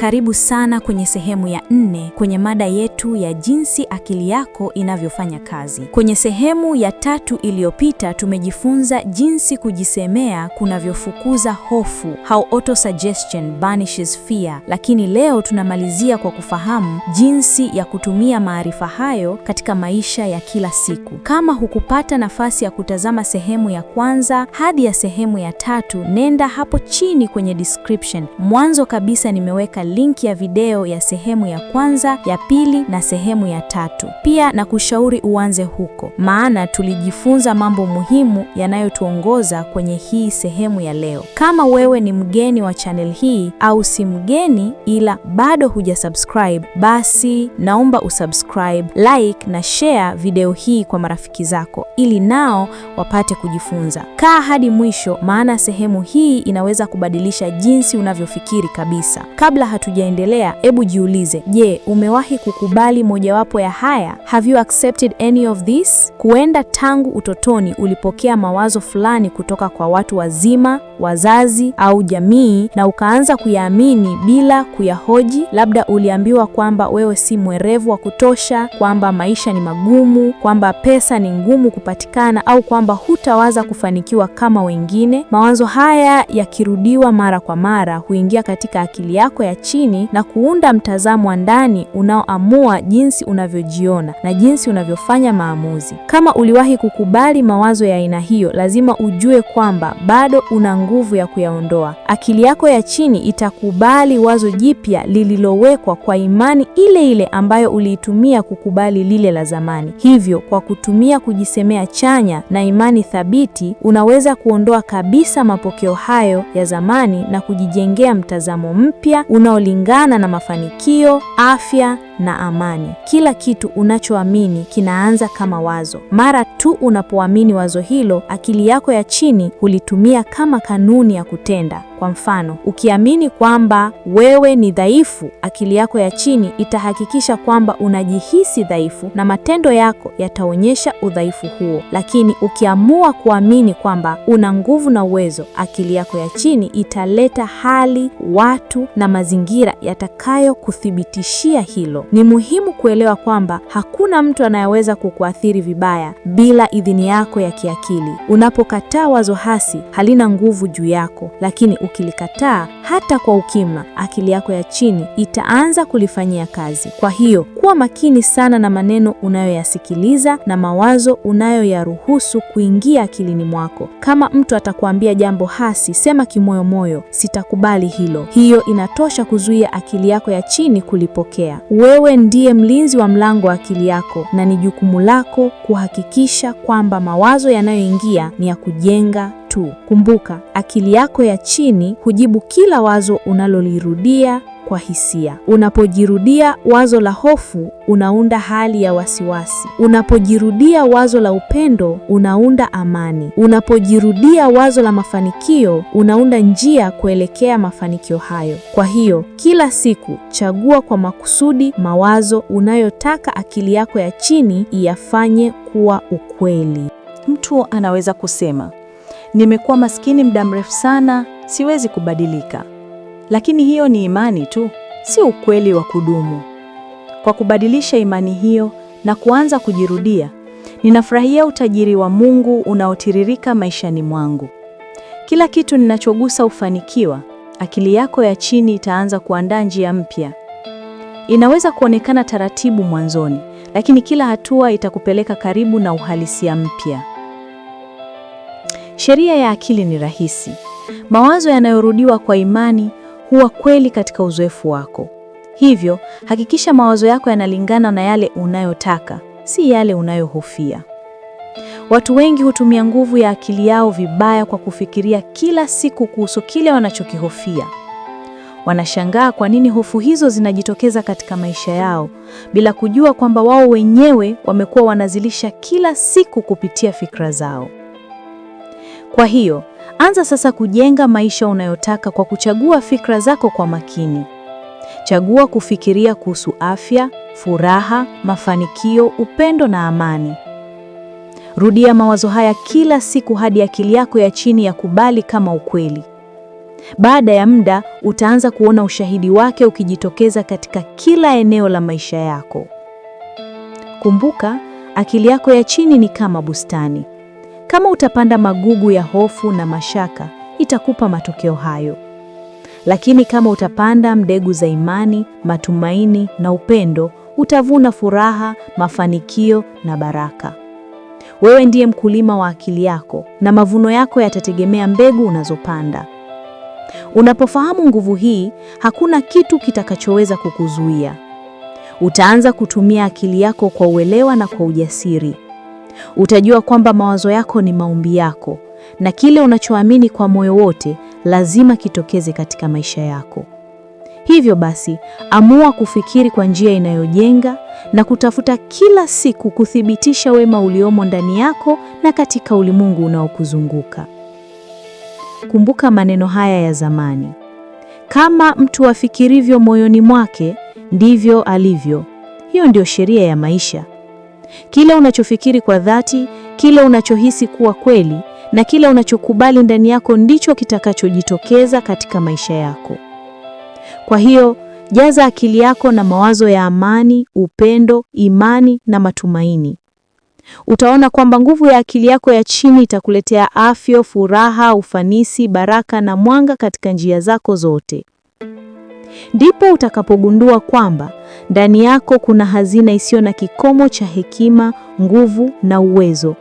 Karibu sana kwenye sehemu ya nne kwenye mada yetu ya jinsi akili yako inavyofanya kazi. Kwenye sehemu ya tatu iliyopita tumejifunza jinsi kujisemea kunavyofukuza hofu, how auto-suggestion banishes fear, lakini leo tunamalizia kwa kufahamu jinsi ya kutumia maarifa hayo katika maisha ya kila siku. Kama hukupata nafasi ya kutazama sehemu ya kwanza hadi ya sehemu ya tatu, nenda hapo chini kwenye description. Mwanzo kabisa nimeweka linki ya video ya sehemu ya kwanza, ya pili na sehemu ya tatu. Pia na kushauri uanze huko, maana tulijifunza mambo muhimu yanayotuongoza kwenye hii sehemu ya leo. Kama wewe ni mgeni wa channel hii au si mgeni ila bado hujasubscribe, basi naomba usubscribe, like na share video hii kwa marafiki zako ili nao wapate kujifunza. Kaa hadi mwisho, maana sehemu hii inaweza kubadilisha jinsi unavyofikiri kabisa. Kabla hatujaendelea, hebu jiulize, je, umewahi kukubali mojawapo ya haya? Have you accepted any of this? Kuenda tangu utotoni ulipokea mawazo fulani kutoka kwa watu wazima, wazazi au jamii, na ukaanza kuyaamini bila kuyahoji. Labda uliambiwa kwamba wewe si mwerevu wa kutosha, kwamba maisha ni magumu, kwamba pesa ni ngumu kupatikana, au kwamba hutawaza kufanikiwa kama wengine. Mawazo haya yakirudiwa mara kwa mara, huingia katika akili yako ya chini na kuunda mtazamo wa ndani unaoamua jinsi unavyojiona na jinsi unavyofanya maamuzi. Kama uliwahi kukubali mawazo ya aina hiyo, lazima ujue kwamba bado una nguvu ya kuyaondoa. Akili yako ya chini itakubali wazo jipya lililowekwa kwa imani ile ile ambayo uliitumia kukubali lile la zamani. Hivyo, kwa kutumia kujisemea chanya na imani thabiti, unaweza kuondoa kabisa mapokeo hayo ya zamani na kujijengea mtazamo mpya unaolingana na mafanikio, afya na amani. Kila kitu unachoamini kinaanza kama wazo. Mara tu unapoamini wazo hilo, akili yako ya chini hulitumia kama kanuni ya kutenda. Kwa mfano, ukiamini kwamba wewe ni dhaifu, akili yako ya chini itahakikisha kwamba unajihisi dhaifu na matendo yako yataonyesha udhaifu huo. Lakini ukiamua kuamini kwamba una nguvu na uwezo, akili yako ya chini italeta hali, watu na mazingira yatakayokuthibitishia hilo. Ni muhimu kuelewa kwamba hakuna mtu anayeweza kukuathiri vibaya bila idhini yako ya kiakili. Unapokataa wazo hasi, halina nguvu juu yako, lakini ukilikataa hata kwa ukimya, akili yako ya chini itaanza kulifanyia kazi. Kwa hiyo kuwa makini sana na maneno unayoyasikiliza na mawazo unayoyaruhusu kuingia akilini mwako. Kama mtu atakuambia jambo hasi, sema kimoyomoyo, sitakubali hilo. Hiyo inatosha kuzuia akili yako ya chini kulipokea. Wewe ndiye mlinzi wa mlango wa akili yako, na ni jukumu lako kuhakikisha kwamba mawazo yanayoingia ni ya kujenga tu. Kumbuka, akili yako ya chini hujibu kila wazo unalolirudia kwa hisia. Unapojirudia wazo la hofu, unaunda hali ya wasiwasi. Unapojirudia wazo la upendo, unaunda amani. Unapojirudia wazo la mafanikio, unaunda njia kuelekea mafanikio hayo. Kwa hiyo, kila siku chagua kwa makusudi mawazo unayotaka akili yako ya chini iyafanye kuwa ukweli. Mtu anaweza kusema nimekuwa maskini muda mrefu sana, siwezi kubadilika. Lakini hiyo ni imani tu, si ukweli wa kudumu. Kwa kubadilisha imani hiyo na kuanza kujirudia, ninafurahia utajiri wa Mungu unaotiririka maishani mwangu. Kila kitu ninachogusa hufanikiwa. Akili yako ya chini itaanza kuandaa njia mpya. Inaweza kuonekana taratibu mwanzoni, lakini kila hatua itakupeleka karibu na uhalisia mpya. Sheria ya akili ni rahisi. Mawazo yanayorudiwa kwa imani huwa kweli katika uzoefu wako. Hivyo, hakikisha mawazo yako yanalingana na yale unayotaka, si yale unayohofia. Watu wengi hutumia nguvu ya akili yao vibaya kwa kufikiria kila siku kuhusu kile wanachokihofia. Wanashangaa kwa nini hofu hizo zinajitokeza katika maisha yao bila kujua kwamba wao wenyewe wamekuwa wanazilisha kila siku kupitia fikra zao. Kwa hiyo anza sasa kujenga maisha unayotaka kwa kuchagua fikra zako kwa makini. Chagua kufikiria kuhusu afya, furaha, mafanikio, upendo na amani. Rudia mawazo haya kila siku hadi akili yako ya chini ya kubali kama ukweli. Baada ya muda utaanza kuona ushahidi wake ukijitokeza katika kila eneo la maisha yako. Kumbuka, akili yako ya chini ni kama bustani. Kama utapanda magugu ya hofu na mashaka, itakupa matokeo hayo. Lakini kama utapanda mbegu za imani, matumaini na upendo, utavuna furaha, mafanikio na baraka. Wewe ndiye mkulima wa akili yako na mavuno yako yatategemea mbegu unazopanda. Unapofahamu nguvu hii, hakuna kitu kitakachoweza kukuzuia. Utaanza kutumia akili yako kwa uelewa na kwa ujasiri utajua kwamba mawazo yako ni maombi yako, na kile unachoamini kwa moyo wote lazima kitokeze katika maisha yako. Hivyo basi, amua kufikiri kwa njia inayojenga na kutafuta kila siku kuthibitisha wema uliomo ndani yako na katika ulimwengu unaokuzunguka. Kumbuka maneno haya ya zamani: kama mtu afikirivyo moyoni mwake ndivyo alivyo. Hiyo ndio sheria ya maisha. Kila unachofikiri kwa dhati, kila unachohisi kuwa kweli na kila unachokubali ndani yako ndicho kitakachojitokeza katika maisha yako. Kwa hiyo, jaza akili yako na mawazo ya amani, upendo, imani na matumaini. Utaona kwamba nguvu ya akili yako ya chini itakuletea afya, furaha, ufanisi, baraka na mwanga katika njia zako zote ndipo utakapogundua kwamba ndani yako kuna hazina isiyo na kikomo cha hekima, nguvu na uwezo,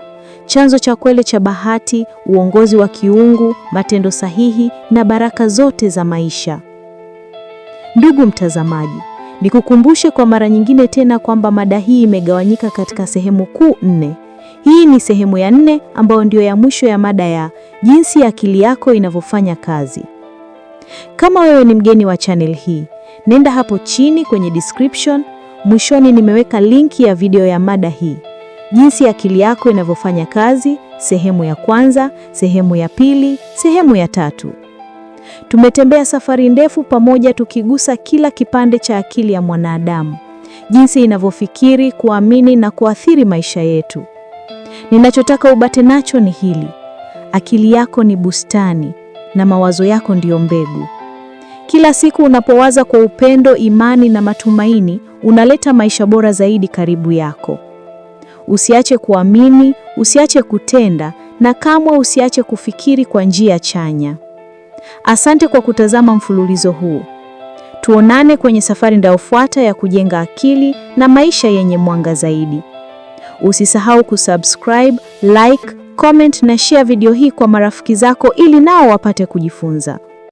chanzo cha kweli cha bahati, uongozi wa kiungu, matendo sahihi na baraka zote za maisha. Ndugu mtazamaji, nikukumbushe kwa mara nyingine tena kwamba mada hii imegawanyika katika sehemu kuu nne. Hii ni sehemu ya nne ambayo ndiyo ya mwisho ya mada ya jinsi akili yako inavyofanya kazi. Kama wewe ni mgeni wa channel hii, nenda hapo chini kwenye description. Mwishoni nimeweka linki ya video ya mada hii, jinsi akili yako inavyofanya kazi, sehemu ya kwanza, sehemu ya pili, sehemu ya tatu. Tumetembea safari ndefu pamoja tukigusa kila kipande cha akili ya mwanadamu, jinsi inavyofikiri, kuamini na kuathiri maisha yetu. Ninachotaka ubate nacho ni hili: akili yako ni bustani na mawazo yako ndiyo mbegu. Kila siku unapowaza kwa upendo, imani na matumaini, unaleta maisha bora zaidi karibu yako. Usiache kuamini, usiache kutenda na kamwe usiache kufikiri kwa njia chanya. Asante kwa kutazama mfululizo huu. Tuonane kwenye safari inayofuata ya kujenga akili na maisha yenye mwanga zaidi. Usisahau kusubscribe, like comment na share video hii kwa marafiki zako ili nao wapate kujifunza.